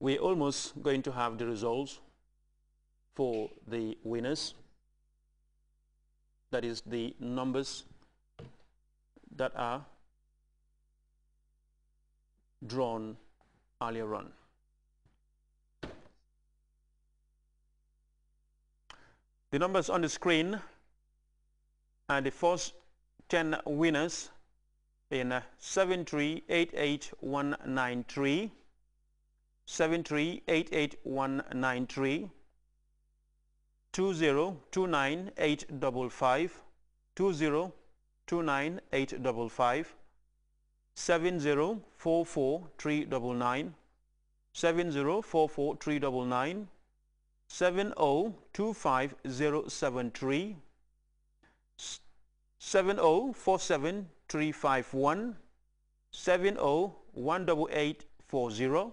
we're almost going to have the results for the winners that is the numbers that are drawn earlier on. The numbers on the screen are the first 10 winners in uh, 7388193 7388193 2029855 2029855 7044399 7044399 7018840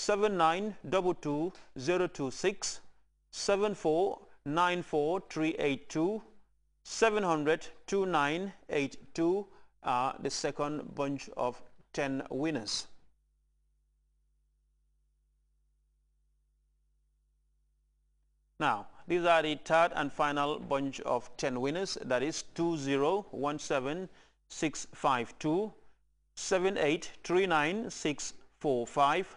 Seven nine double two zero two six seven four nine four three eight two seven hundred two nine eight two 7002982 are the second bunch of 10 winners. Now, these are the third and final bunch of 10 winners, that is two seven eight three nine six four five.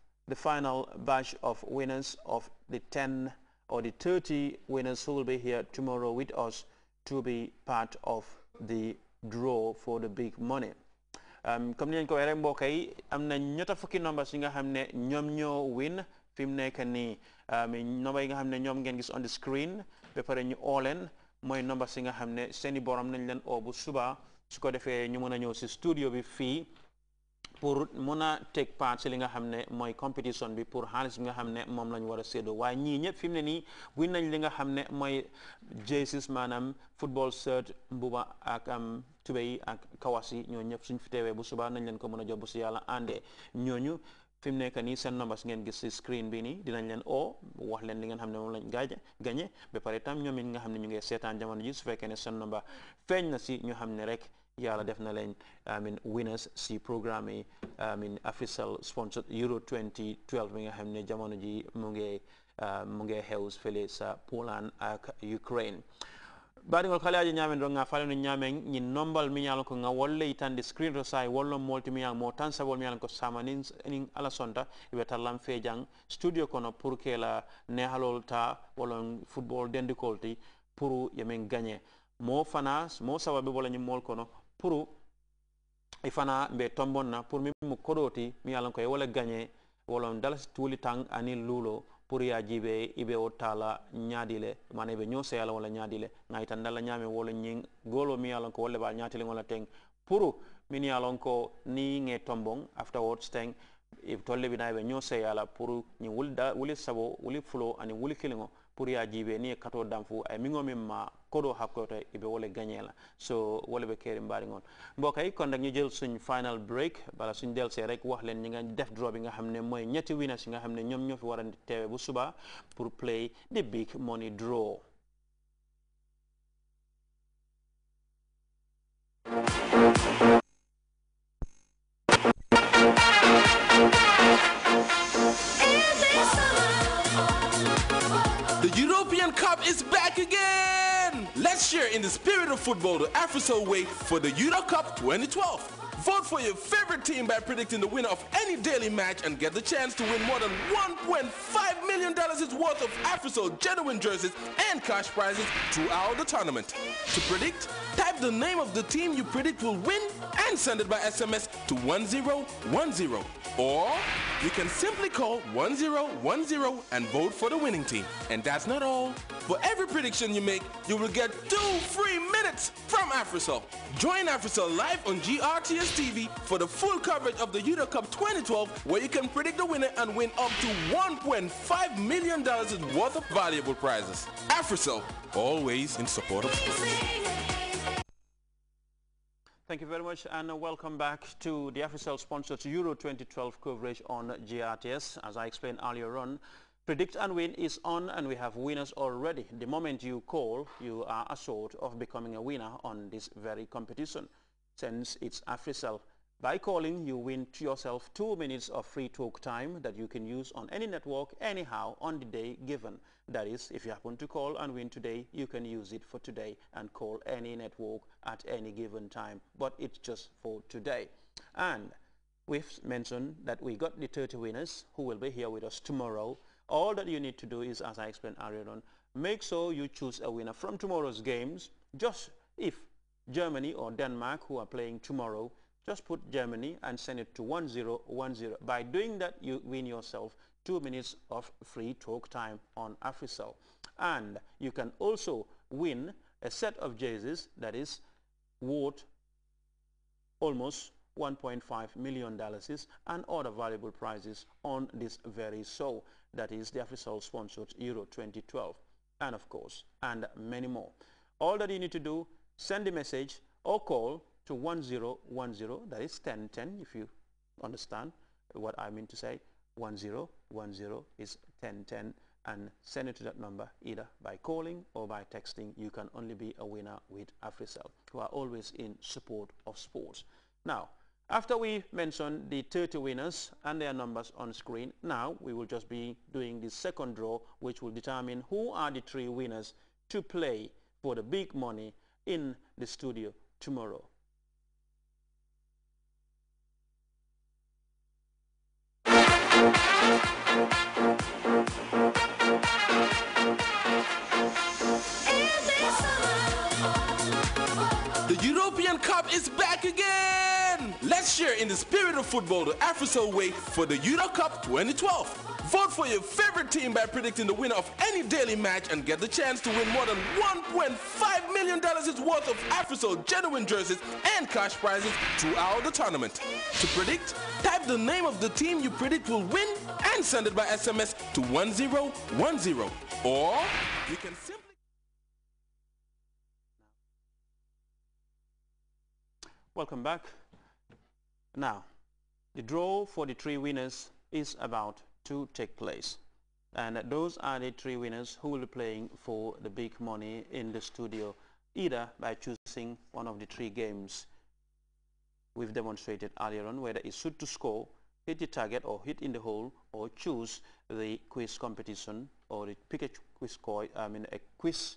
the final batch of winners of the 10 or the 30 winners who will be here tomorrow with us to be part of the draw for the big money um, comme ni leen ko waxee rek mbokk yi am na ñetta fukki numbers yi ne ñoom ñoo win fi mu nekk um, on the screen ba pare ñu oo leen mooy numbers yi nga xam ne seeni borom nañ leen studio bi fii pour mun take part ci li nga xamné moy competition bi pour xaalis nga xamné mom lañ wara sédo way ñi ñepp waaye fi li nga xamné moy jerseys football shirt mbuba ak am tubey ak kawasi ñoo ñepp suñ fi téwé bu suba nañ leen ko mëna a ci yalla andé ñoñu fi ngeen gis ci screen bi ni dinañ leen o wax leen li nga xamné mom lañ gaaje gagné ba paré tam ñoom it nga xamné ñu ngi seetaan jamono ji su fekkee ne sen number feñ na ci ñu xamné rek yàlla def na leen amin si programme yi amin official sponsor Euro 2012 mi nga xam ne jamono ji mu ngi uh, mu ngi xew sa Poland ak Ukraine baɗigol kala aji ñamen ɗo ga falano ñamen ñin nombal miñalon ko ga screen to sahi wollon molti miñal mo tan sabol miñalon ko samanin nin ala sonta ɓe tallam feejan studio kono pour que la nehalol ta wallon football dendikol ti pour yemin gagné mo fanas mo sababu wala ñim mol kono pour i fana mbe tombon na pour min mu kodoti mi yalan ko e wala gagné wala dala tuuli tang ani lulo pour ya jibe ibe o tala ñaadile mana be ñoo seyala wala ñaadile ngay tan dala ñame wala ñing golo mi yalan ko wala ba ñaatile wala teng pour min yalan ko ni nge tombon afterwards teng e tolle bi na be ñoo seyala pour ñi wul da wuli sabo wuli fulo ani wuli kilingo pour ya jibe ni kato damfu ay mi min ma kodo hakkoto ibe wole gagné la so wole be keri mbari ngon mbokay kon nak ñu jël suñ final break bala suñ delsee rek wax leen ñi nga def draw bi nga xam ne mooy ñetti winners yi nga xam ne ñoom ñoo fi war a teewe bu suba pour play the big money draw is back again! Let's share in the spirit of football the AfriSoul way for the Euro Cup 2012. Vote for your favorite team by predicting the winner of any daily match and get the chance to win more than $1.5 million worth of official genuine jerseys and cash prizes throughout the tournament. To predict, type the name of the team you predict will win and send it by SMS to 1010. Or you can simply call 1010 and vote for the winning team. And that's not all. For every prediction you make, you will get two free minutes from Afrisol, Join Afrisol live on GRTS TV for the full coverage of the Euro Cup 2012 where you can predict the winner and win up to $1.5 million worth of valuable prizes. Afrisol, always in support of sports. Thank you very much and welcome back to the afrisol sponsored Euro 2012 coverage on GRTS. As I explained earlier on, Predict and win is on and we have winners already. The moment you call, you are assured of becoming a winner on this very competition since it's AfriCell. By calling, you win to yourself two minutes of free talk time that you can use on any network anyhow on the day given. That is, if you happen to call and win today, you can use it for today and call any network at any given time, but it's just for today. And we've mentioned that we got the 30 winners who will be here with us tomorrow all that you need to do is, as I explained earlier on, make sure you choose a winner from tomorrow's games. Just if Germany or Denmark, who are playing tomorrow, just put Germany and send it to 1010. By doing that, you win yourself two minutes of free talk time on AfriCell. And you can also win a set of jerseys that is worth almost $1.5 million and other valuable prizes on this very show, that is the official sponsored Euro 2012, and of course, and many more. All that you need to do, send a message or call to 1010, that is 1010 if you understand what I mean to say, 1010 is 1010 and send it to that number either by calling or by texting. You can only be a winner with AfriCell, who are always in support of sports. Now, after we mention the 30 winners and their numbers on screen, now we will just be doing the second draw which will determine who are the three winners to play for the big money in the studio tomorrow. The European Cup is back again! Let's share in the spirit of football the AfriCell way for the Euro Cup 2012. Vote for your favorite team by predicting the winner of any daily match and get the chance to win more than $1.5 million worth of AfriCell genuine jerseys and cash prizes throughout the tournament. To predict, type the name of the team you predict will win and send it by SMS to 1010 or you can simply Welcome back. Now, the draw for the three winners is about to take place. And those are the three winners who will be playing for the big money in the studio, either by choosing one of the three games we've demonstrated earlier on, whether it's shoot to score, hit the target or hit in the hole, or choose the quiz competition or the a quiz, I mean a quiz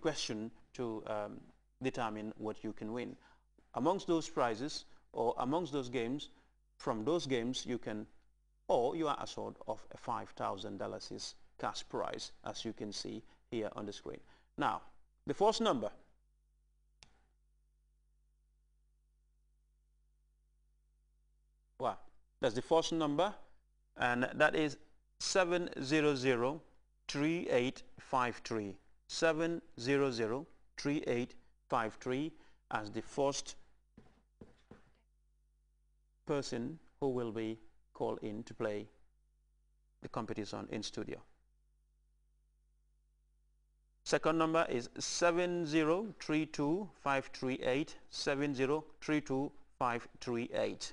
question to um, determine what you can win. Amongst those prizes, or amongst those games, from those games you can, or you are assured of a $5,000 cash prize, as you can see here on the screen. Now, the first number, wow, that's the first number, and that is 7003853. 7003853 as the first person who will be called in to play the competition in studio. Second number is 7032538, 7032538.